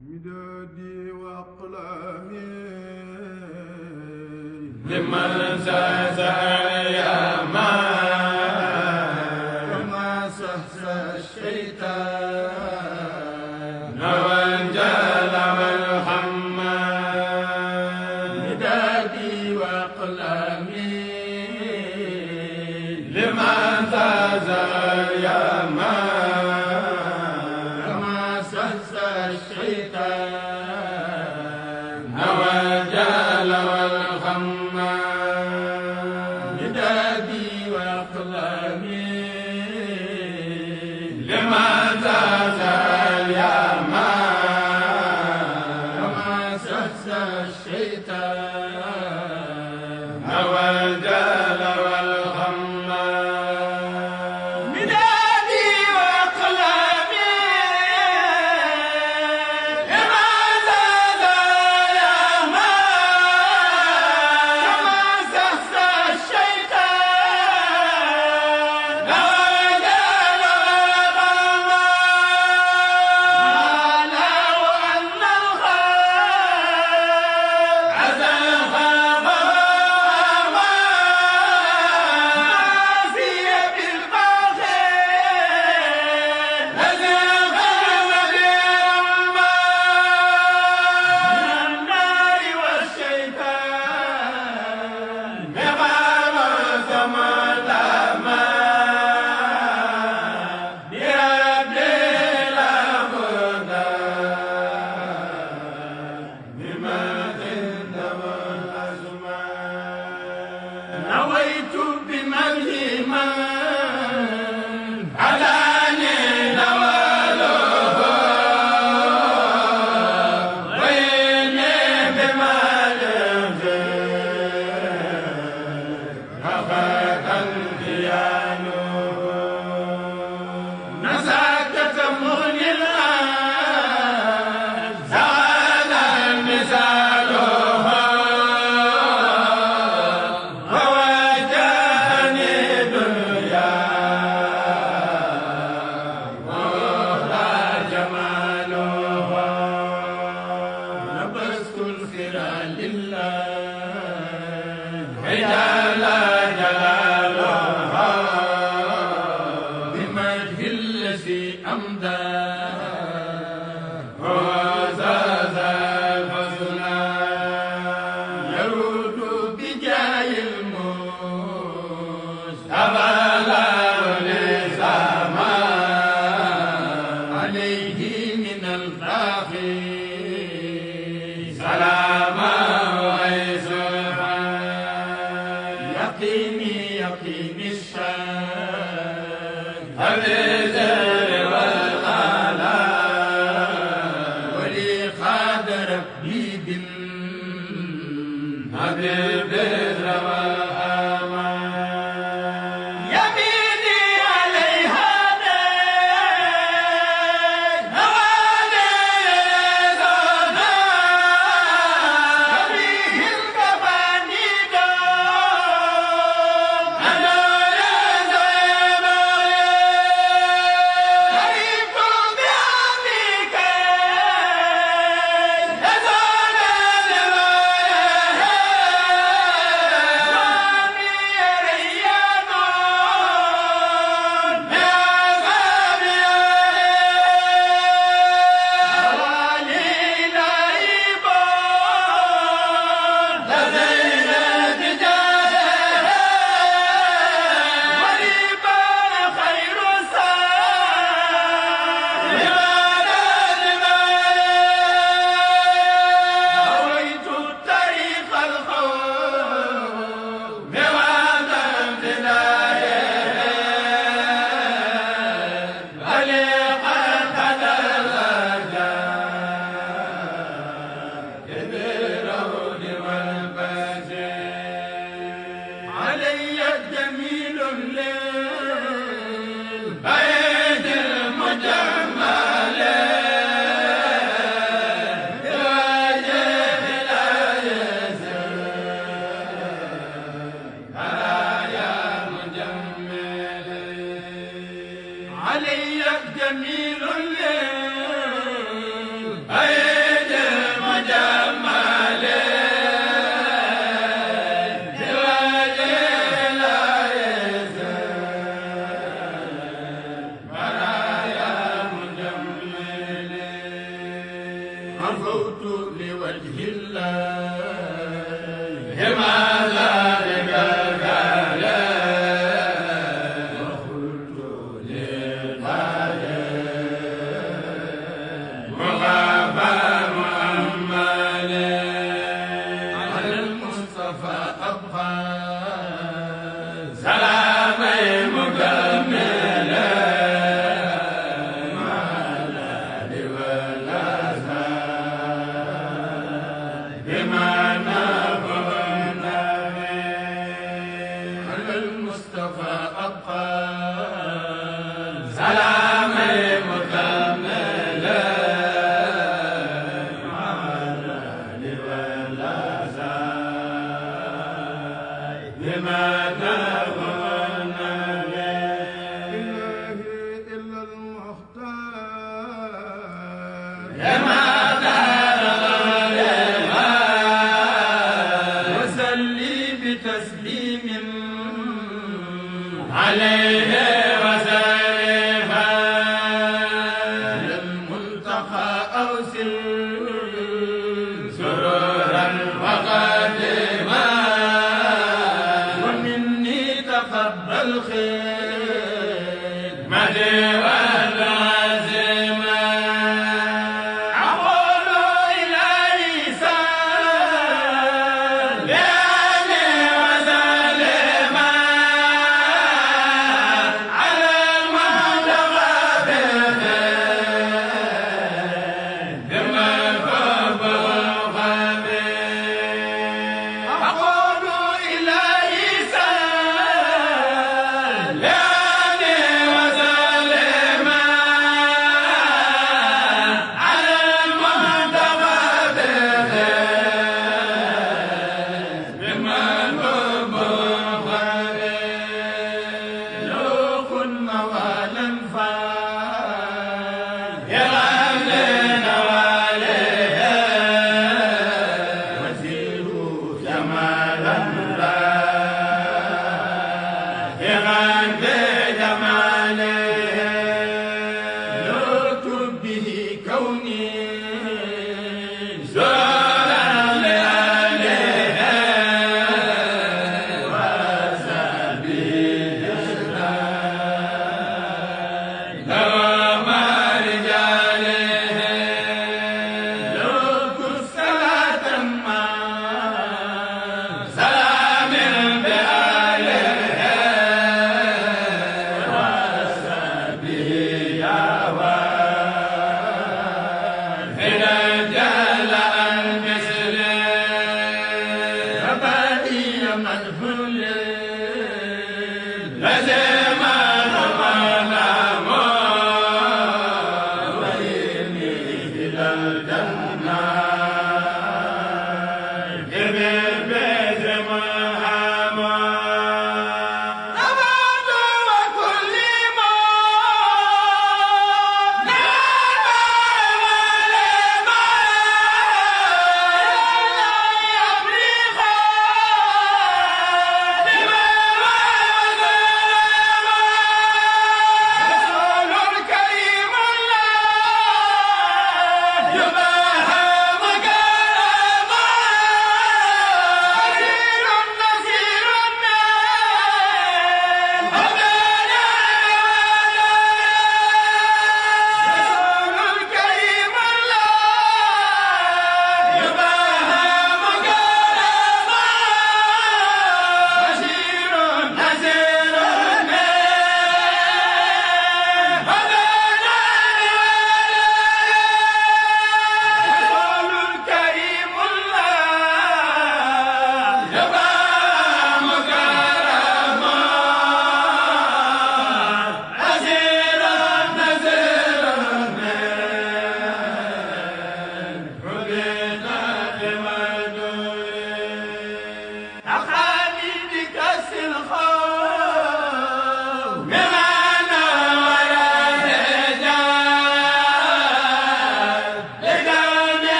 مدادي وأقلامي لمن زازاني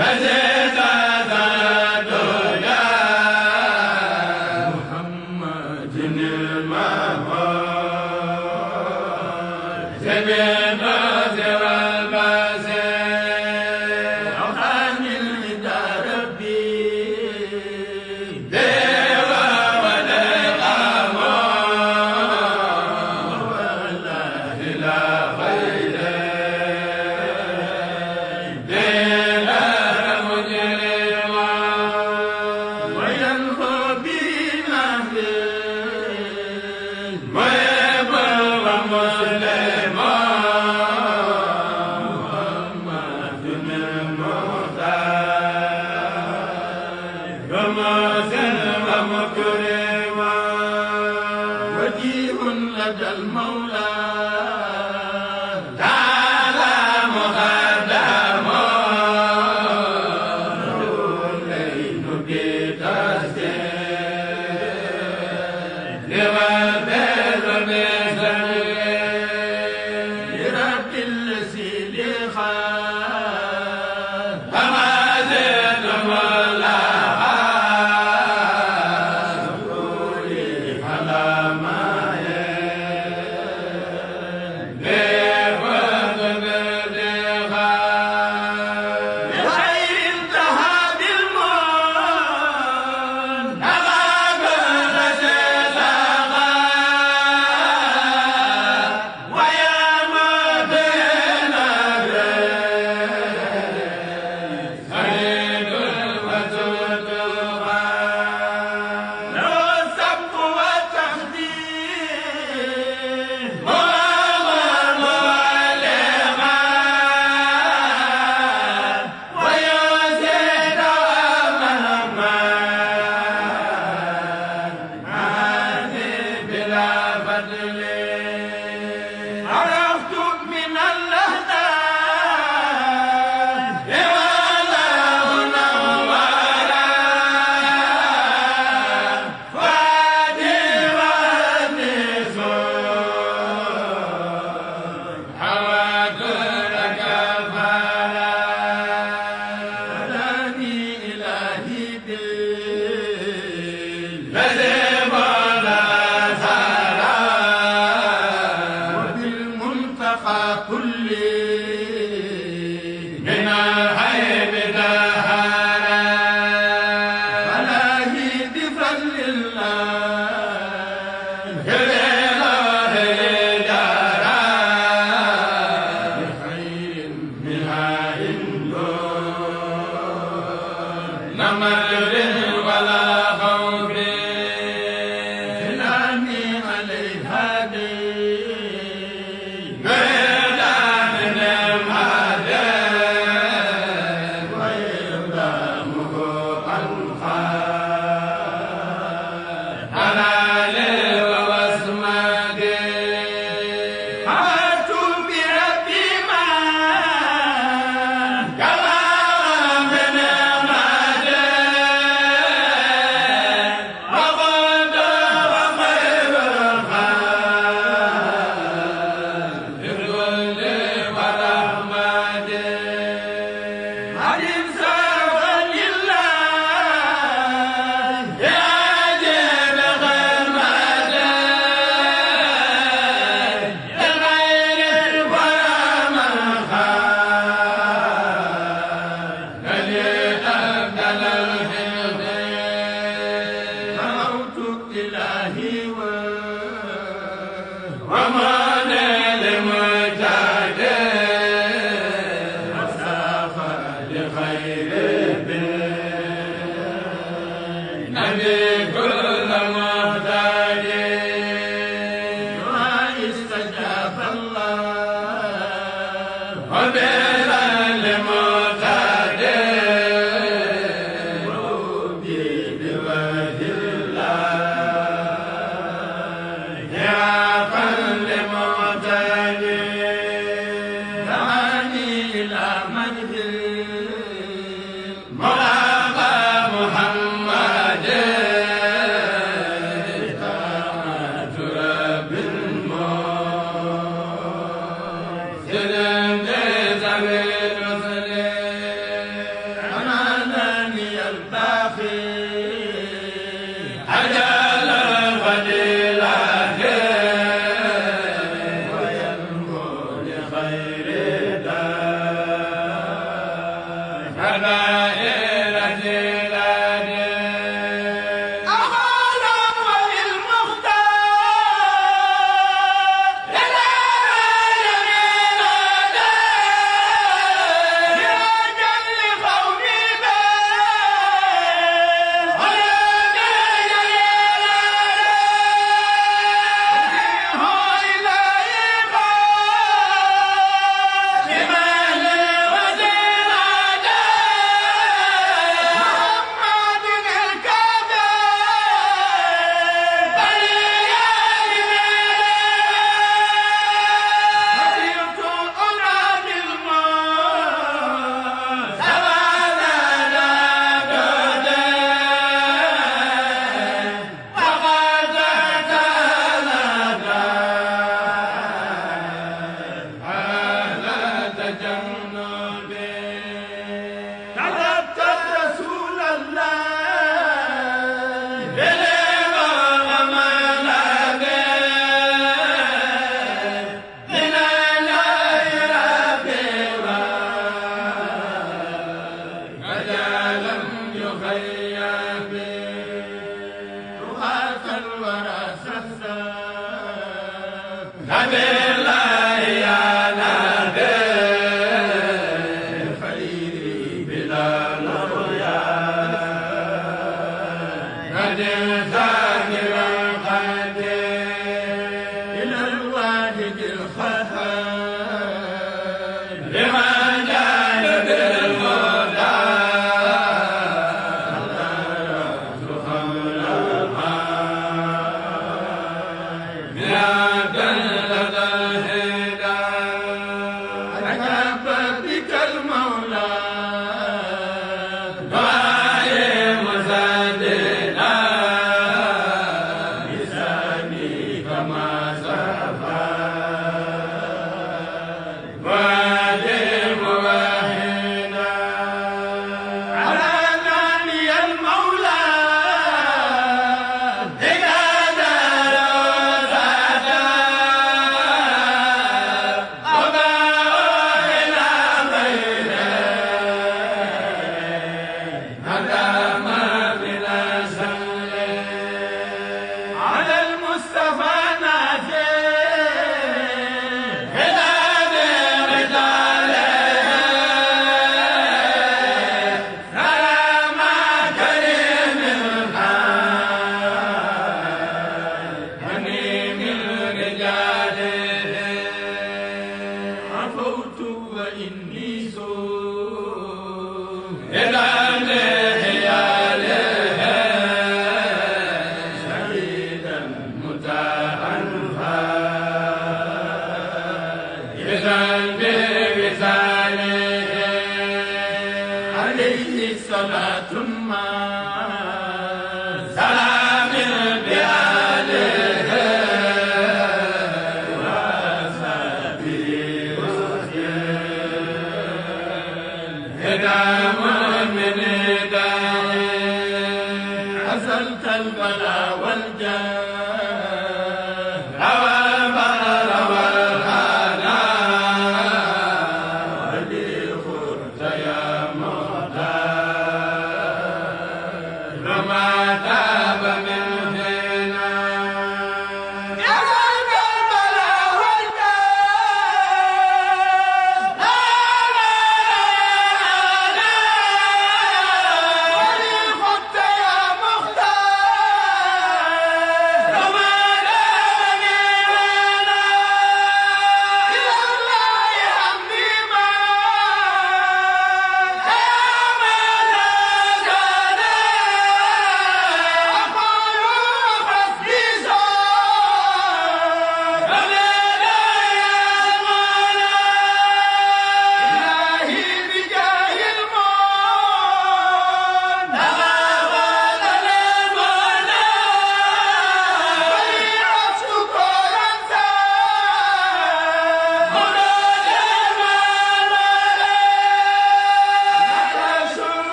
Right there. محمد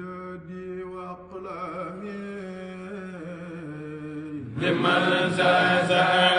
جودي وأقلامي لمن زازاني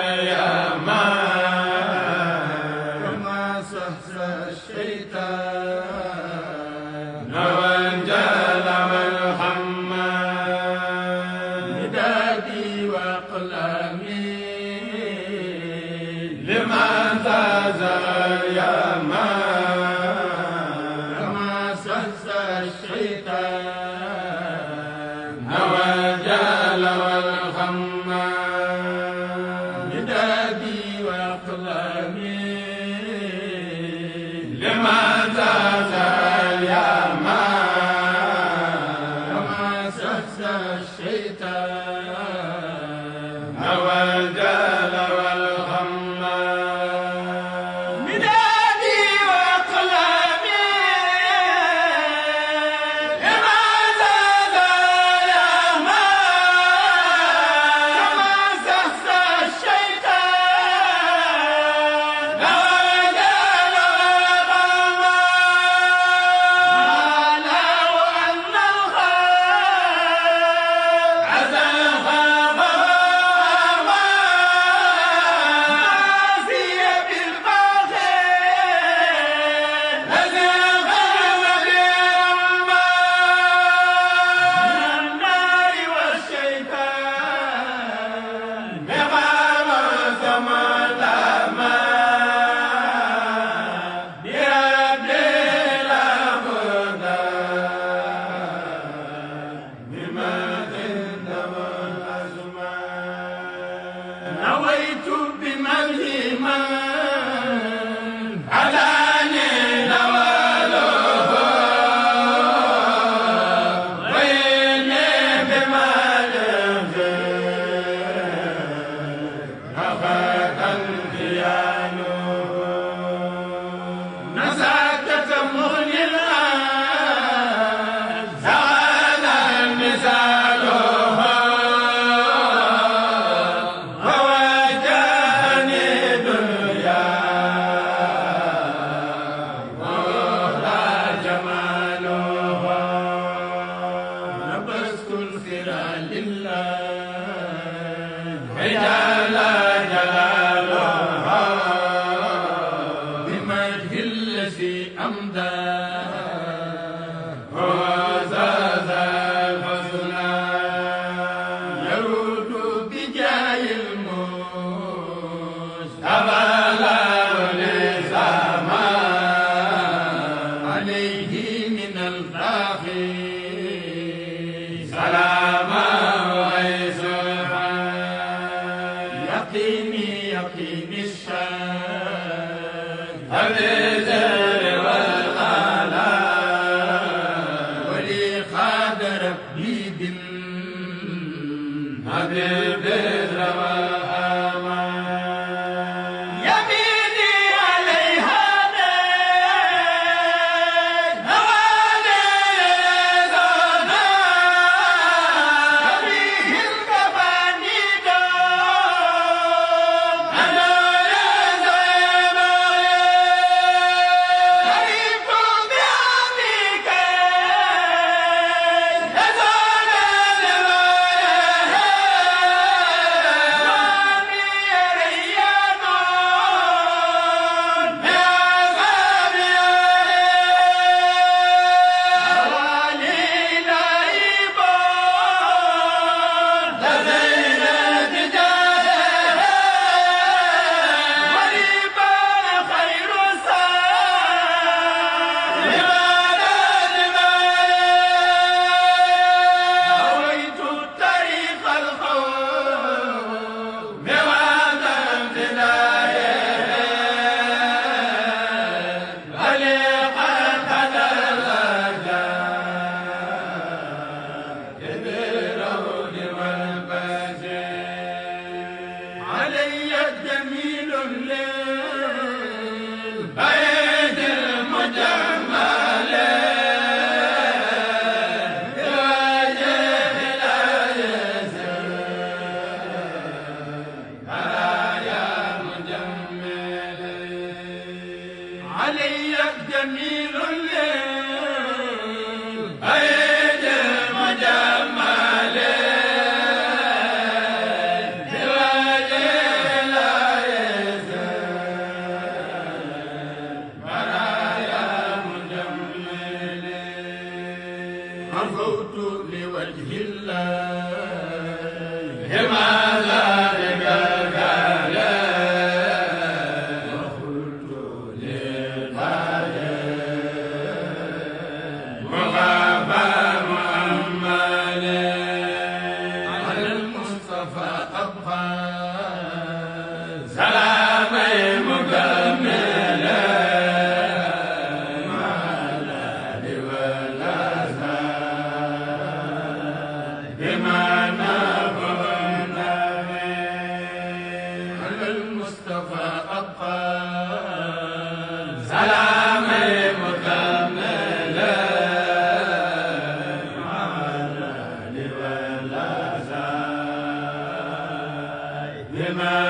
lima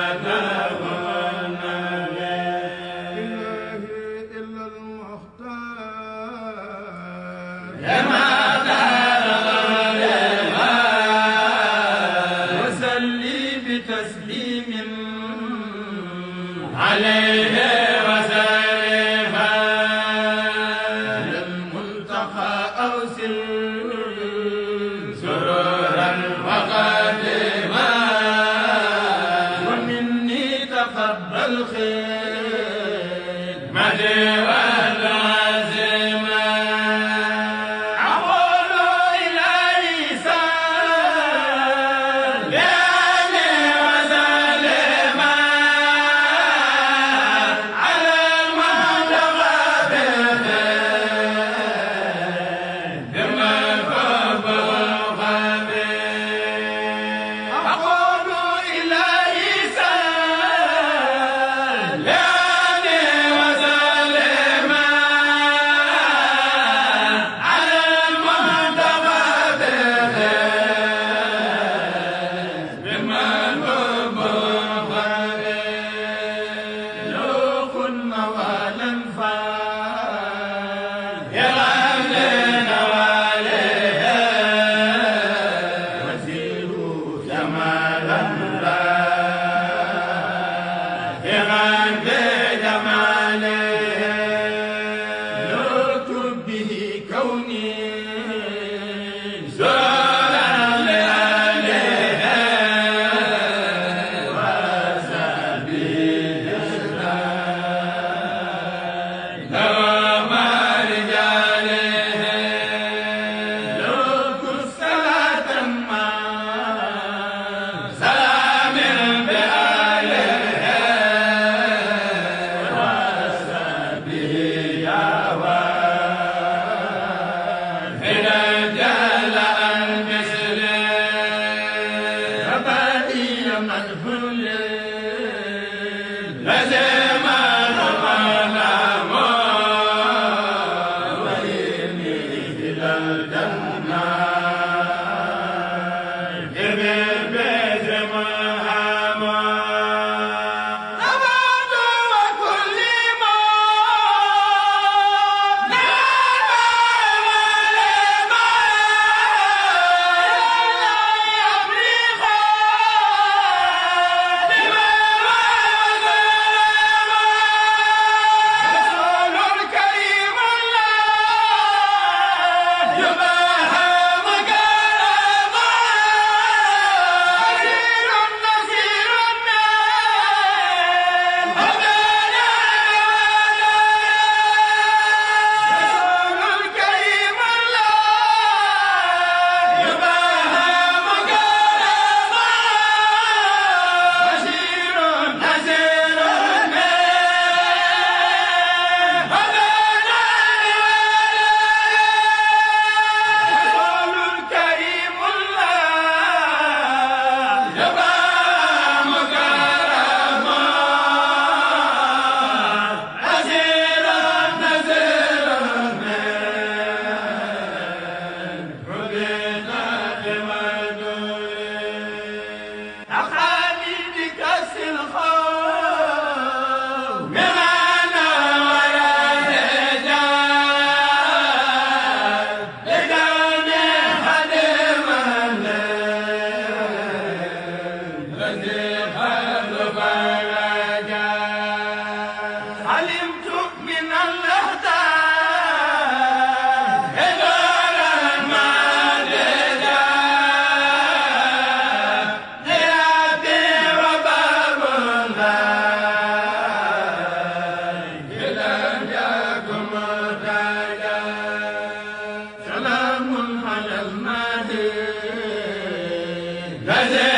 Raja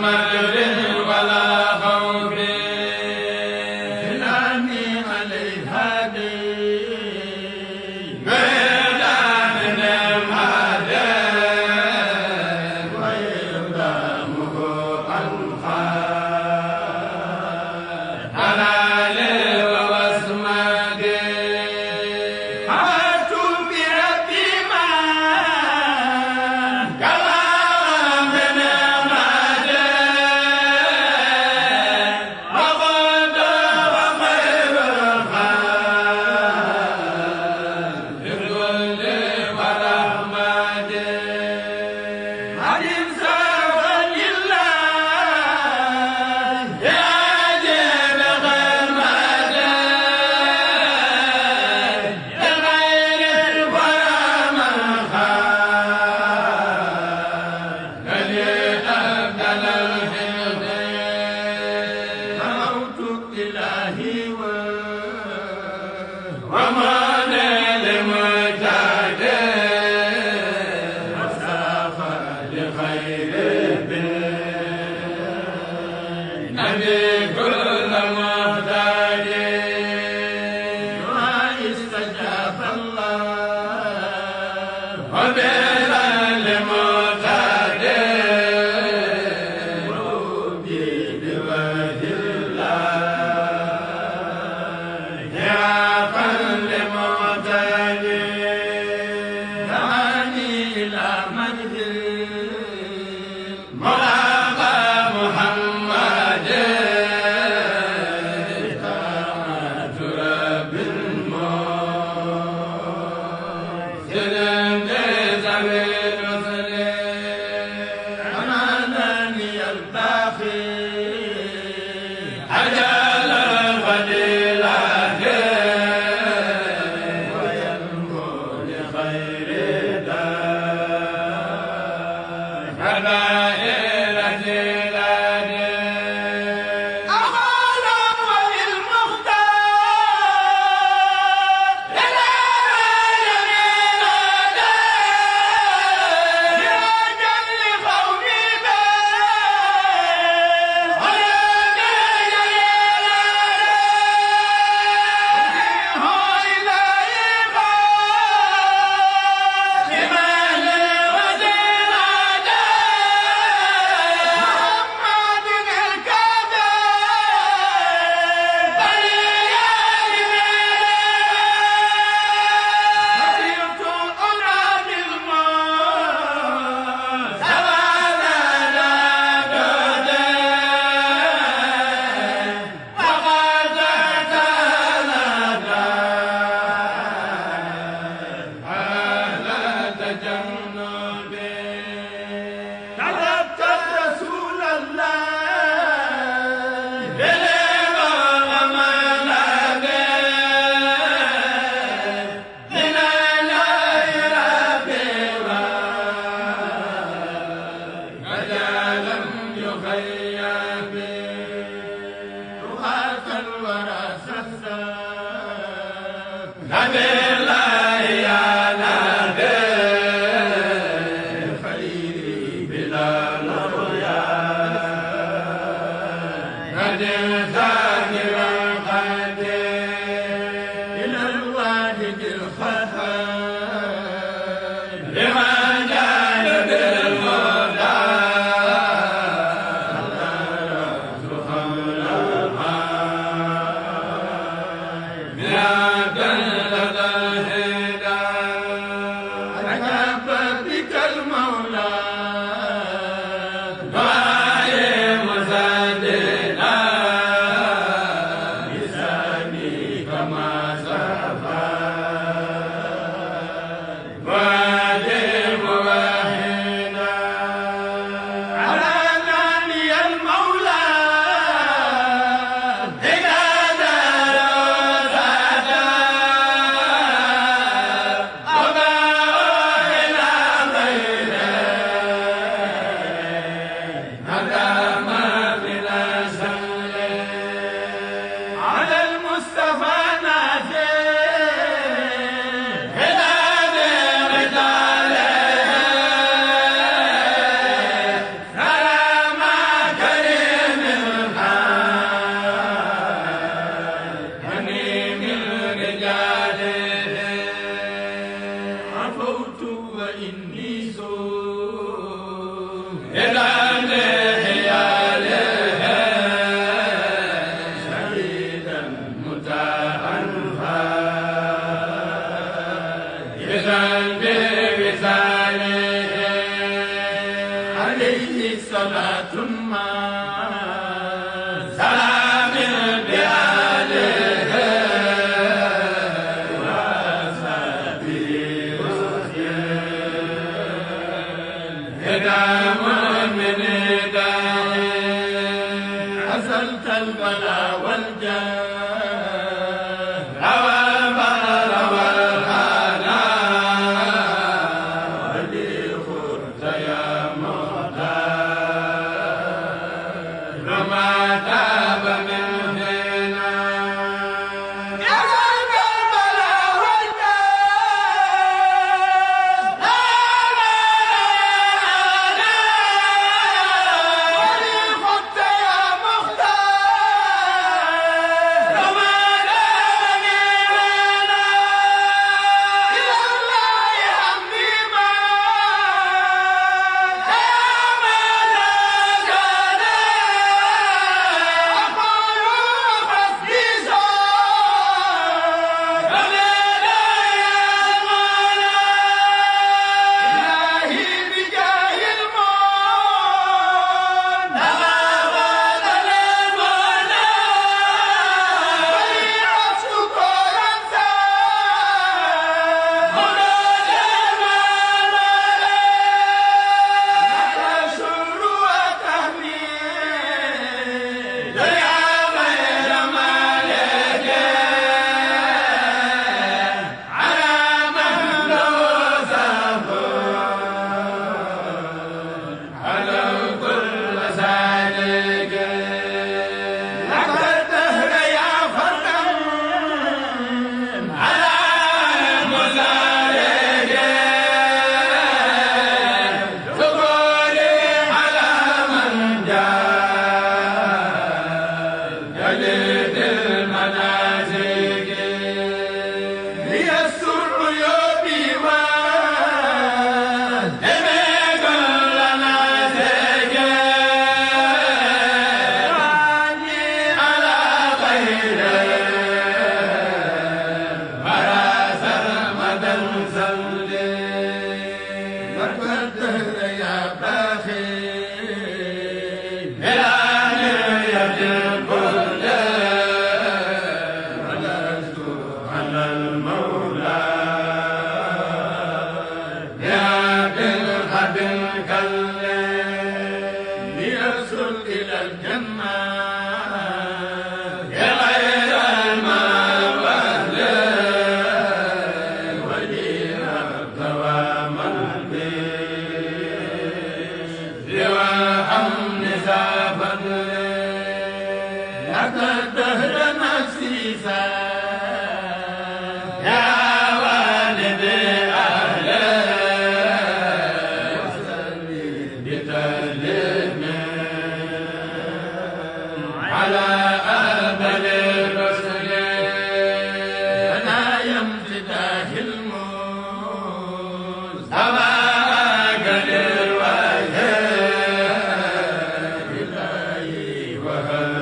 Muhammad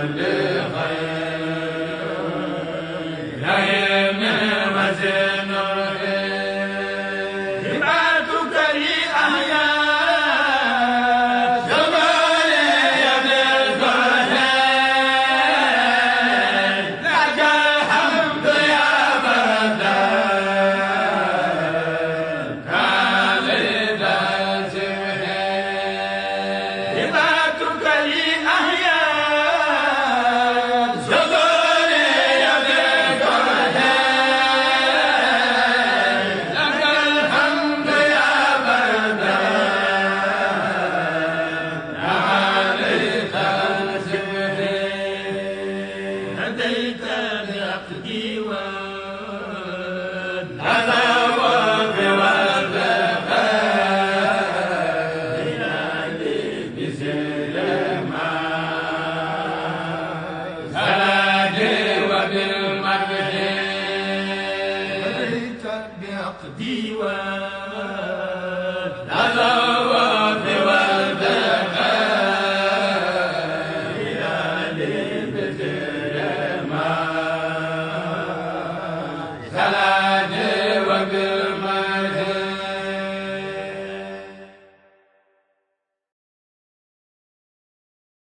de